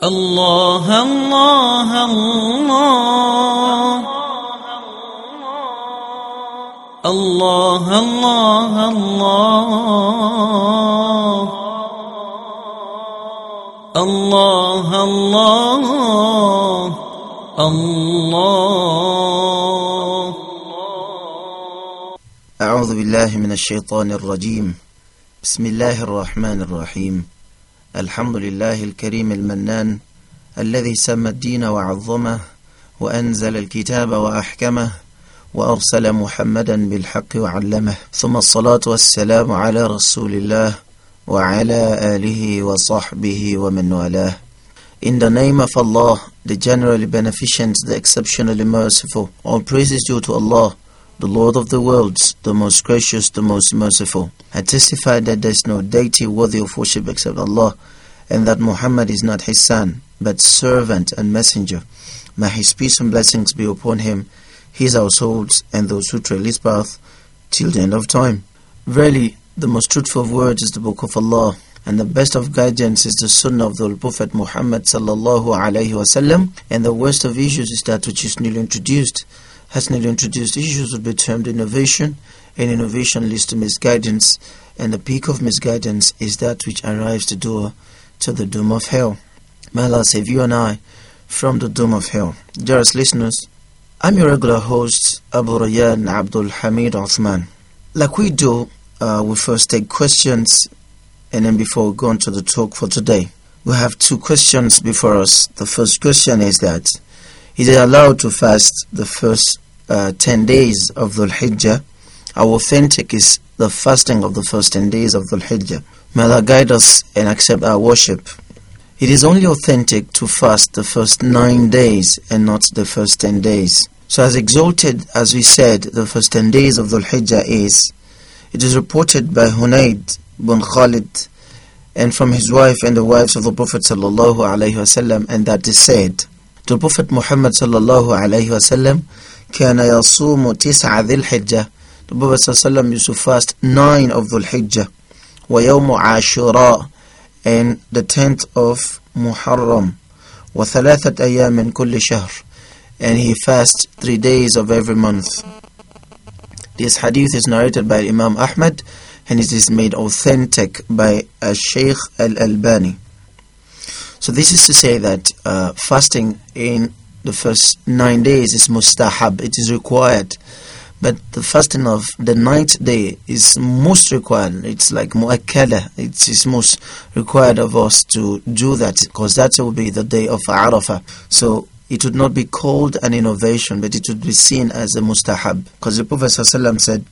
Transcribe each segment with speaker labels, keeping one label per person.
Speaker 1: الله الله الله الله الله الله الله الله أعوذ بالله من الشيطان الرجيم بسم الله الرحمن الرحيم الحمد لله الكريم المنان الذي سمى الدين وعظمه وأنزل الكتاب وأحكمه وأرسل محمدا بالحق وعلمه ثم الصلاة والسلام على رسول الله وعلى آله وصحبه ومن والاه In the name of Allah, the generally beneficent, the exceptionally merciful, all praises due to Allah, the Lord of the worlds, the most gracious, the most merciful, had testified that there is no deity worthy of worship except Allah, and that Muhammad is not his son, but servant and messenger. May his peace and blessings be upon him, his households, and those who trail his path till the end of time. Verily, the most truthful of words is the Book of Allah, and the best of guidance is the Sunnah of the Prophet Muhammad sallallahu alaihi wasallam, and the worst of issues is that which is newly introduced. Has Hasnell introduced issues would be termed innovation, and innovation leads to misguidance, and the peak of misguidance is that which arrives the door to the doom of hell. May Allah save you and I from the doom of hell. Dearest listeners, I'm your regular host, Abu Rayyan Abdul Hamid Osman. Like we do, uh, we first take questions, and then before we go on to the talk for today, we have two questions before us. The first question is that he is allowed to fast the first uh, 10 days of Dhul Hijjah. Our authentic is the fasting of the first 10 days of Dhul Hijjah. May Allah guide us and accept our worship. It is only authentic to fast the first 9 days and not the first 10 days. So as exalted as we said the first 10 days of Dhul Hijjah is, it is reported by Hunayd bin Khalid and from his wife and the wives of the Prophet and that is said The Prophet Muhammad sallallahu alayhi wa sallam kana yasumu tis'a dhil hijjah. The Prophet sallallahu alayhi wa sallam used to fast nine of dhul hijjah. Wa yawmu ashura and the tenth of Muharram. Wa thalathat ayam min kulli shahr. And he fast three days of every month. This hadith is narrated by Imam Ahmad and it is made authentic by Sheikh Al-Albani. So this is to say that uh, fasting in the first nine days is mustahab, it is required. But the fasting of the ninth day is most required. It's like mu'akkada. It is most required of us to do that because that will be the day of Arafah. So it would not be called an innovation, but it would be seen as a mustahab. Because the Prophet ﷺ said,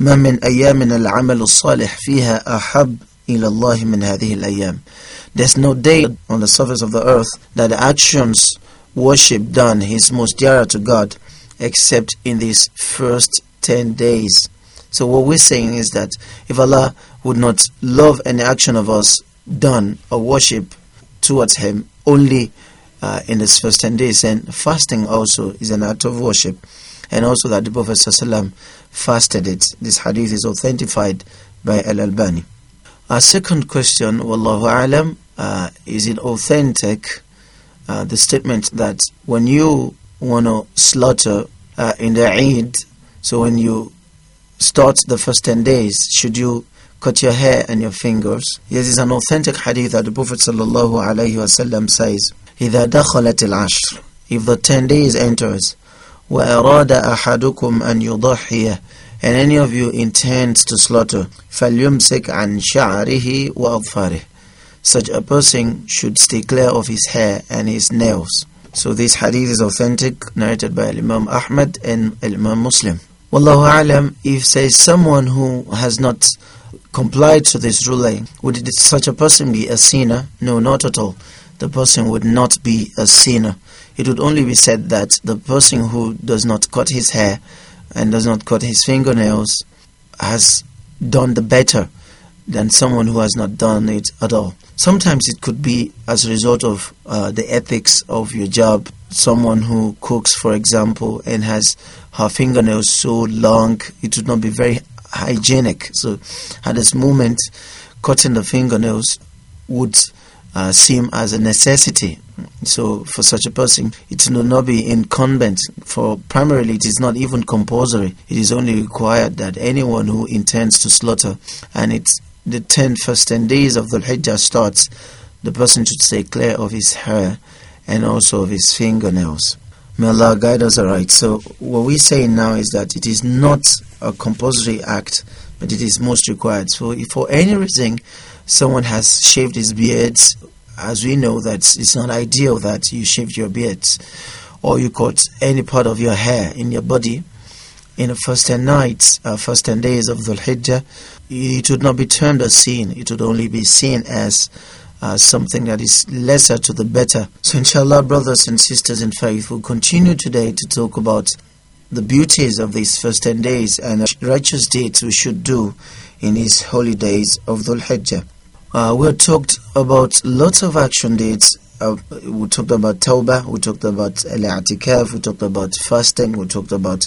Speaker 1: ما من أيام العمل الصالح فيها أحب إلى الله من هذه الأيام. There's no day on the surface of the earth that the actions worship done is most dear to God except in these first 10 days. So, what we're saying is that if Allah would not love any action of us done or worship towards Him only uh, in these first 10 days, and fasting also is an act of worship, and also that the Prophet Wasallam fasted it. This hadith is authenticated by Al Albani. A second question, Wallahu Alam, uh, is it authentic, uh, the statement that when you want to slaughter uh, in the Eid, so when you start the first 10 days, should you cut your hair and your fingers? This is an authentic hadith that the Prophet sallallahu alaihi wasallam says, إِذَا دَخَلَتِ الْعَشْرِ If the 10 days enters, وَأَرَادَ أَحَدُكُمْ أَنْ يُضَحِيَهُ and any of you intends to slaughter فَلْيُمْسِكْ عَنْ شَعْرِهِ وَأَظْفَارِهِ Such a person should stay clear of his hair and his nails. So this hadith is authentic, narrated by Imam Ahmad and Imam Muslim. Wallahu alam, if say someone who has not complied to this ruling, would such a person be a sinner? No, not at all. The person would not be a sinner. It would only be said that the person who does not cut his hair and does not cut his fingernails has done the better than someone who has not done it at all. Sometimes it could be as a result of uh, the ethics of your job. Someone who cooks, for example, and has her fingernails so long, it would not be very hygienic. So, at this moment, cutting the fingernails would uh, seem as a necessity. So, for such a person, it will not be incumbent. For primarily, it is not even compulsory. It is only required that anyone who intends to slaughter, and it's the ten first 10 days of the Hijjah starts, the person should stay clear of his hair and also of his fingernails. May Allah guide us aright. So, what we're saying now is that it is not a compulsory act, but it is most required. So, if for any reason someone has shaved his beard, as we know that it's not ideal that you shave your beard or you cut any part of your hair in your body in the first 10 nights, uh, first 10 days of Dhul Hijjah, it would not be termed as sin. It would only be seen as uh, something that is lesser to the better. So, inshallah, brothers and sisters in faith, we'll continue today to talk about the beauties of these first 10 days and righteous deeds we should do in these holy days of Dhul Hijjah. Uh, we talked about lots of action dates. Uh, we talked about Tawbah, we talked about Al-Atikaf, we talked about fasting, we talked about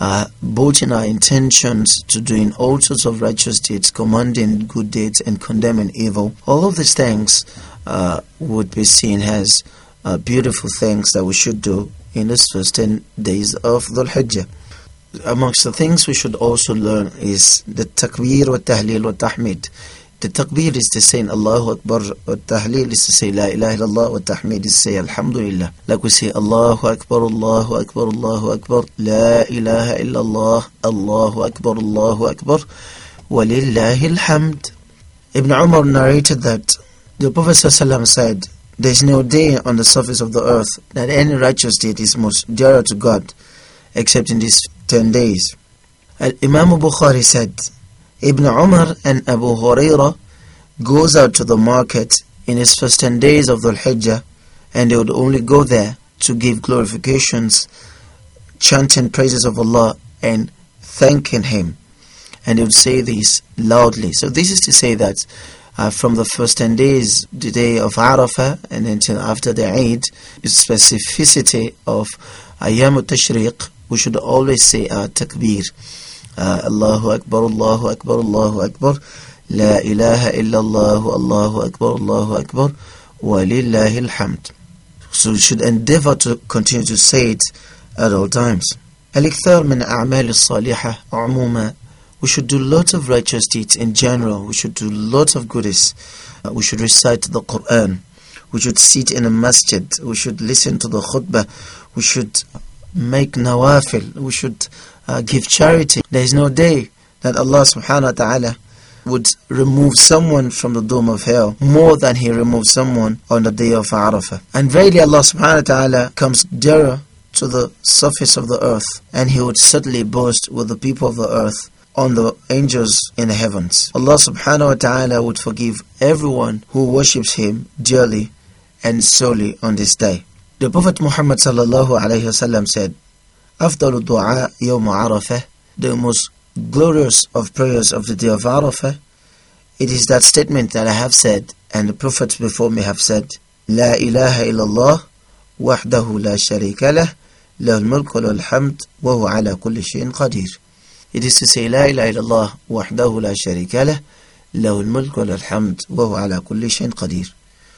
Speaker 1: uh, both in our intentions to doing all sorts of righteous deeds, commanding good deeds, and condemning evil. All of these things uh, would be seen as uh, beautiful things that we should do in these first 10 days of Dhul Hijjah amongst the things we should also learn is the takbir wa tahleel wa tahmid التكبير استسين الله أكبر والتحليل استسين لا إله إلا الله والتحميد استسين الحمد لله لك سي الله أكبر الله أكبر الله أكبر لا إله إلا الله الله أكبر الله أكبر ولله الحمد Ibn Umar narrated that the Prophet ﷺ said, There is no day on the surface of the earth that any righteous deed is most dearer to God except in these 10 days. Al Imam Bukhari said, Ibn Umar and Abu Huraira goes out to the market in his first 10 days of the Hijjah and they would only go there to give glorifications, chanting praises of Allah and thanking Him. And they would say this loudly. So this is to say that uh, from the first 10 days, the day of Arafah and until after the Eid, the specificity of Ayyam al-Tashriq, we should always say our uh, takbir. الله أكبر الله أكبر الله أكبر لا إله إلا الله الله أكبر الله أكبر ولله الحمد So you should endeavor to continue to say it at all times. الاكثار من أعمال الصالحة عموما We should do lots of righteous deeds in general. We should do lots of goodies. Uh, we should recite the Quran. We should sit in a masjid. We should listen to the khutbah. We should make nawafil. We should uh, give charity. There is no day that Allah subhanahu wa ta'ala would remove someone from the doom of hell more than he removed someone on the day of Arafah. And verily Allah subhanahu wa ta'ala comes dearer to the surface of the earth and he would certainly boast with the people of the earth on the angels in the heavens. Allah subhanahu wa ta'ala would forgive everyone who worships him dearly and solely on this day. The Prophet Muhammad sallallahu alayhi wasallam said, أفضل الدعاء يوم عرفة the most glorious of prayers of the day of عرفة it is that statement that I have said and the prophets before me have said لا إله إلا الله وحده لا شريك له له الملك وله الحمد وهو على كل شيء قدير It is to say لا إله إلا الله وحده لا شريك له له الملك وله الحمد وهو على كل شيء قدير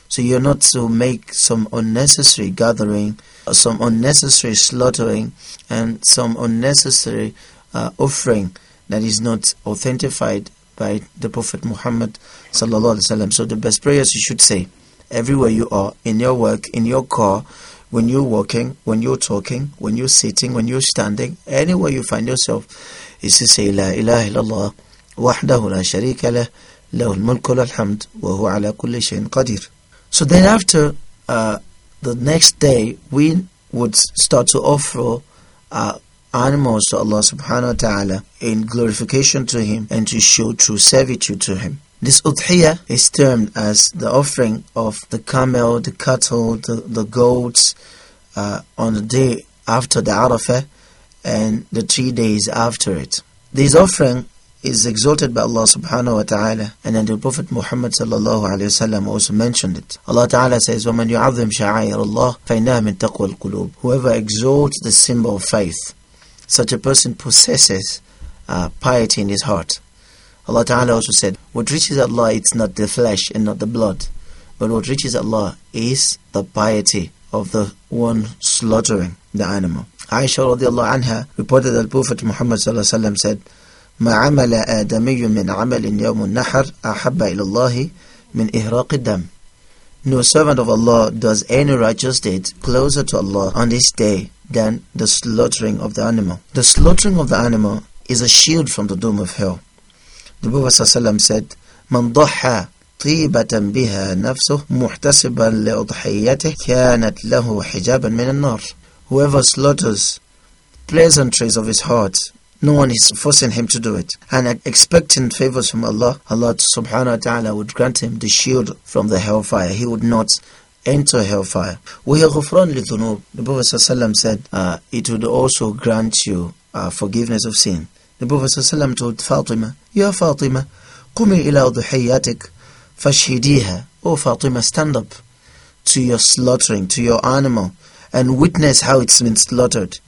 Speaker 1: so you're not to make some unnecessary gathering, uh, some unnecessary slaughtering, and some unnecessary uh, offering that is not authenticated by the Prophet Muhammad sallallahu alaihi wasallam. So the best prayers you should say everywhere you are, in your work, in your car, when you're walking, when you're talking, when you're sitting, when you're standing, anywhere you find yourself, is to say La ilaha illallah wahdahu la sharika lah, lahul mulku wa huwa ala kulli shayin qadir. So then after uh, the next day, we would start to offer uh, animals to Allah subhanahu wa ta'ala in glorification to Him and to show true servitude to Him. This udhiyah is termed as the offering of the camel, the cattle, the, the goats uh, on the day after the Arafah and the three days after it. This offering is exalted by Allah subhanahu wa ta'ala and then the Prophet Muhammad sallallahu alayhi sallam also mentioned it. Allah ta'ala says, وَمَنْ يُعَظِّمْ شَعَائِرَ اللَّهِ فَإِنَّهَا مِنْ تَقْوَى الْقُلُوبِ Whoever exalts the symbol of faith, such a person possesses uh, piety in his heart. Allah ta'ala also said, What reaches Allah it's not the flesh and not the blood, but what reaches Allah is the piety of the one slaughtering the animal. Aisha radiallahu anha reported that Prophet Muhammad sallallahu alayhi sallam said, ما عمل آدمي من عمل يوم النحر أحب إلى الله من إهراق الدم. No servant of Allah does any righteous deed closer to Allah on this day than the slaughtering of the animal. The slaughtering of the animal is a shield from the doom of hell. The Prophet ﷺ said, من ضحى طيبة بها نفسه محتسبا لأضحيته كانت له حجابا من النار. Whoever slaughters pleasantries of his heart no one is forcing him to do it. And expecting favors from Allah, Allah subhanahu wa ta'ala would grant him the shield from the hellfire. He would not enter hellfire. The Prophet said, uh, it would also grant you uh, forgiveness of sin. The Prophet ﷺ told Fatima, Ya Fatima, قُمِي إِلَىٰ ضُحِيَّاتِكَ فَاشْهِدِيهَا Oh Fatima, stand up to your slaughtering, to your animal, and witness how it's been slaughtered.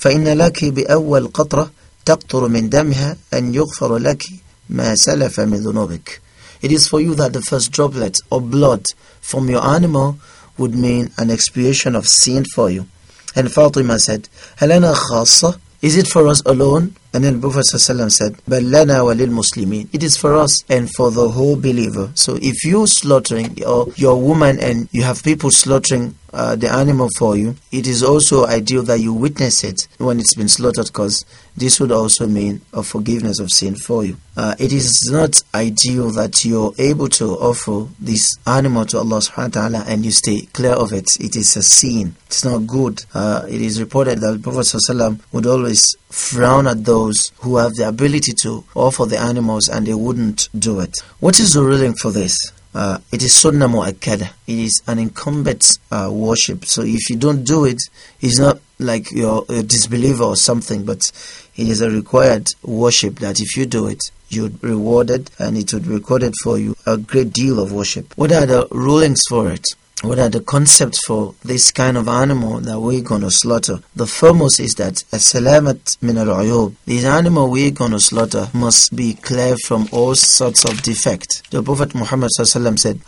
Speaker 1: فَإِنَّ لَكِ بِأَوَّلْ قَطْرَةِ تقطر من دمها أن يغفر لك ما سلف من ذنوبك It is for you that the first droplet of blood from your animal would mean an expiation of sin for you. And Fatima said, Helena khassa? Is it for us alone? And then Prophet ﷺ said, Ballana walil muslimin. It is for us and for the whole believer. So if you are slaughtering or your woman and you have people slaughtering uh, the animal for you, it is also ideal that you witness it when it's been slaughtered because this would also mean a forgiveness of sin for you. Uh, it is not ideal that you're able to offer this animal to Allah subhanahu wa ta'ala and you stay clear of it. It is a sin. It's not good. Uh, it is reported that the Prophet ﷺ would always frown at those who have the ability to offer the animals and they wouldn't do it. What is the ruling for this? uh, it is sunnah mu'akkada. It is an incumbent uh, worship. So if you don't do it, it's not like you're a disbeliever or something, but it is a required worship that if you do it, you'd be rewarded and it would be recorded for you a great deal of worship. What are the rulings for it? what are the concepts for this kind of animal that we're going to slaughter? The foremost is that salamat min al This animal we're going to slaughter must be clear from all sorts of defect. The Prophet Muhammad said,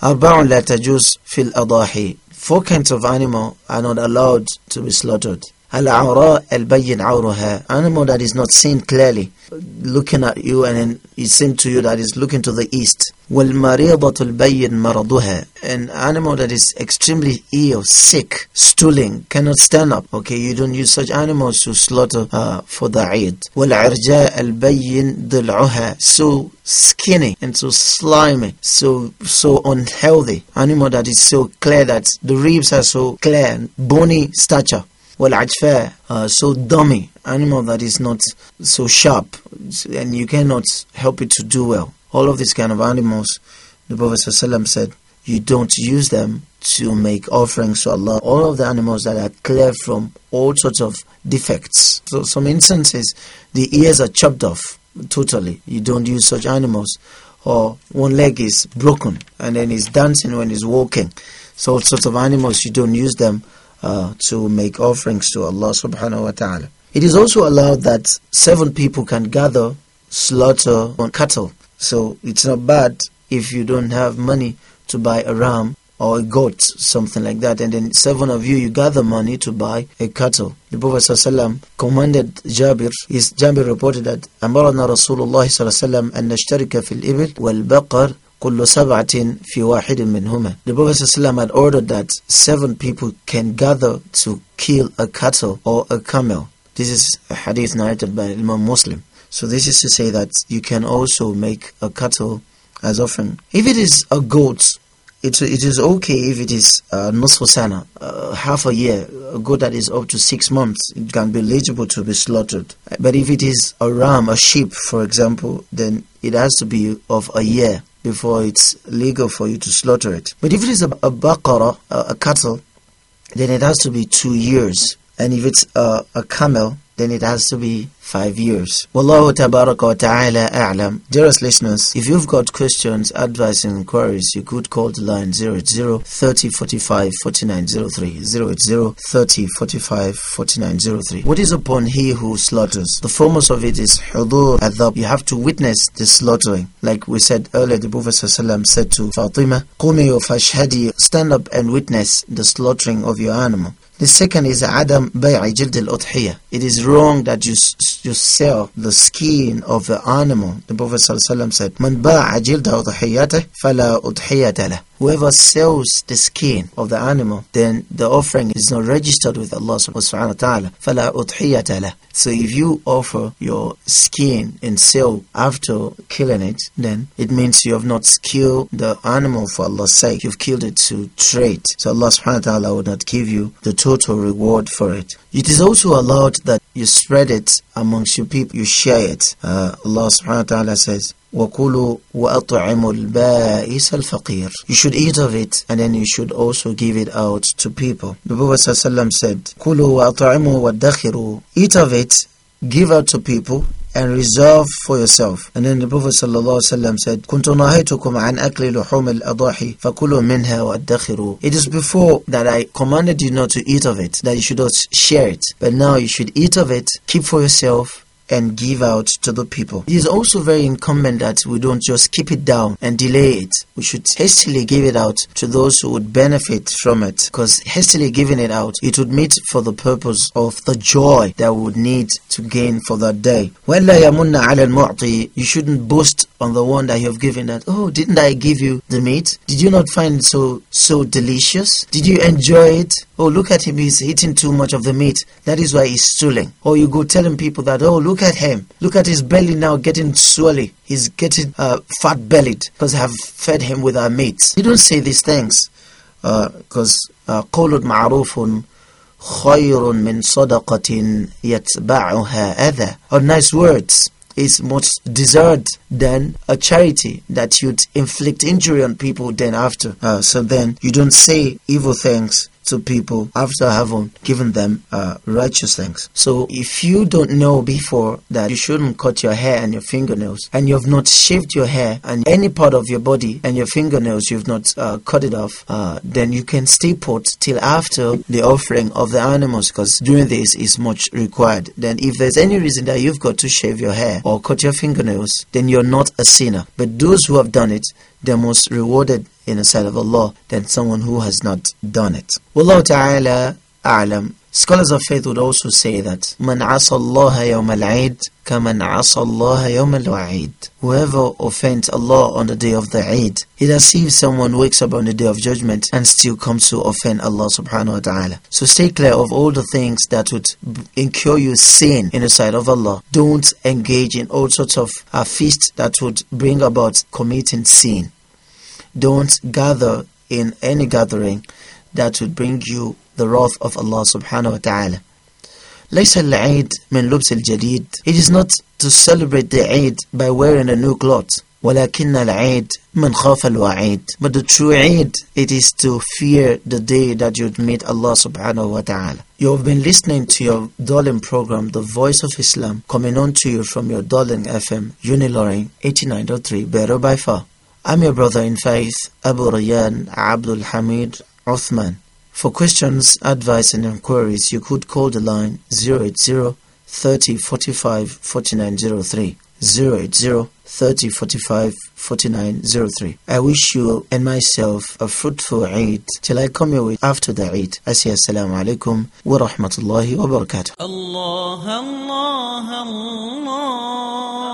Speaker 1: "Arba'un la tajuz fil adahi." Four kinds of animal are not allowed to be slaughtered. Animal that is not seen clearly, looking at you and it seems to you that is looking to the east. وَالْمَرِيضَةُ الْبَيِّنْ مَرَضُهَا An animal that is extremely ill, sick, stooling, cannot stand up. Okay, you don't use such animals to slaughter uh, for the Eid. وَالْعِرْجَاءَ الْبَيِّنْ ضِلْعُهَا So skinny and so slimy, so so unhealthy. Animal that is so clear that the ribs are so clear, bony stature. Well, والعجفاء uh, so dummy animal that is not so sharp and you cannot help it to do well all of these kind of animals the prophet ﷺ said you don't use them to make offerings to Allah. All of the animals that are clear from all sorts of defects. So, some instances, the ears are chopped off totally. You don't use such animals. Or one leg is broken and then he's dancing when he's walking. So, all sorts of animals, you don't use them uh, to make offerings to Allah subhanahu wa ta'ala. It is also allowed that seven people can gather, slaughter on cattle. So it's not bad if you don't have money to buy a ram or a goat, something like that. And then seven of you, you gather money to buy a cattle. The Prophet ﷺ commanded Jabir, his Jabir reported that, أمرنا رسول الله صلى الله عليه وسلم أن نشترك في الإبل والبقر kullu sabatin fi wahidin minhuma. The Prophet had ordered that seven people can gather to kill a cattle or a camel. This is a hadith narrated by Imam Muslim. So this is to say that you can also make a cattle as often. If it is a goat, it, it is okay if it is uh, nusfusana, uh, half a year, a goat that is up to six months, it can be eligible to be slaughtered. But if it is a ram, a sheep, for example, then it has to be of a year before it's legal for you to slaughter it. But if it is a, a baqarah, a, a cattle, then it has to be two years. And if it's a, a camel, then it has to be five years. Wallahu tabaraka wa ta'ala a'lam. Dearest listeners, if you've got questions, advice and inquiries, you could call the line 080 30 4903 080 30 4903. What is upon he who slaughters? The foremost of it is hudur adab. You have to witness the slaughtering. Like we said earlier, the Prophet ﷺ said to Fatima, Qumi fashhadi, stand up and witness the slaughtering of your animal. The second is Adam Bay'i Jild al It is wrong that you, you sell the skin of the animal. The Prophet ﷺ said, Man ba'a jilda udhiyatah fala Whoever sells the skin of the animal, then the offering is not registered with Allah subhanahu wa ta'ala. So if you offer your skin and sell after killing it, then it means you have not killed the animal for Allah's sake. You've killed it to trade. So Allah subhanahu wa ta'ala would not give you the total reward for it. It is also allowed that you spread it amongst your people, you share it. Uh, Allah subhanahu wa ta'ala says, وَكُلُوا وَأَطْعِمُوا الْبَائِسَ الْفَقِيرَ You should eat of it and then you should also give it out to people. The Prophet said, كُلُوا وَأَطْعِمُوا وَادَّخِرُوا Eat of it, give out to people and reserve for yourself. And then the Prophet ﷺ said, an akli luhum al adahi, fakulu minha wa وَادَّخِرُوا It is before that I commanded you not to eat of it, that you should not share it. But now you should eat of it, keep for yourself, and give out to the people. It is also very incumbent that we don't just keep it down and delay it. We should hastily give it out to those who would benefit from it because hastily giving it out, it would meet for the purpose of the joy that we would need to gain for that day. You shouldn't boast on the one that you have given that, oh, didn't I give you the meat? Did you not find it so, so delicious? Did you enjoy it? Oh, look at him, he's eating too much of the meat. That is why he's stooling. Or you go telling people that, oh, look Look at him. Look at his belly now getting swelly. He's getting uh, fat bellied because I have fed him with our meats. You don't say these things because قول معروف خير من صدقة يتبعها أذى. Or nice words is much deserved than a charity that you'd inflict injury on people then after. Uh, so then you don't say evil things to people after having given them uh, righteous things. So if you don't know before that you shouldn't cut your hair and your fingernails, and you have not shaved your hair and any part of your body and your fingernails, you've not uh, cut it off, uh, then you can stay put till after the offering of the animals, because doing this is much required. Then if there's any reason that you've got to shave your hair or cut your fingernails, then you're not a sinner. But those who have done it, they are most rewarded in the sight of Allah than someone who has not done it. Wallahu ta'ala a'lam. Scholars of faith would also say that من عصى الله يوم العيد كمن عصى الله يوم waid Whoever offends Allah on the day of the Eid, does as if someone wakes up on the day of judgment and still comes to offend Allah subhanahu wa ta'ala. So stay clear of all the things that would incur you sin in the sight of Allah. Don't engage in all sorts of a uh, feasts that would bring about committing sin. Don't gather in any gathering that would bring you the wrath of Allah subhanahu wa ta'ala. ليس العيد من لبس الجديد. It is not to celebrate the Eid by wearing a new cloth. ولكن العيد من خاف الوعيد. But the true Eid, it is to fear the day that you would meet Allah subhanahu wa ta'ala. You have been listening to your Dolin program, The Voice of Islam, coming on to you from your Dolin FM, Uniloring 89.3, Better by Far. I'm your brother in faith, Abu Rayyan Abdul Hamid Uthman. For questions, advice, and inquiries, you could call the line 080 30 45 4903. 080 30 45 4903. I wish you and myself a fruitful Eid till I come your way after the Eid. As-salamu Assalamu alaikum wa rahmatullahi wa barakatuh. Allah, Allah, Allah.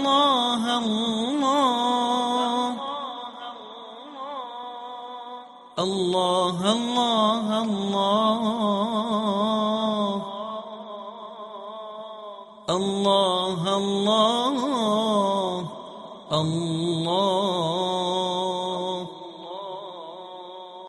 Speaker 1: الله الله الله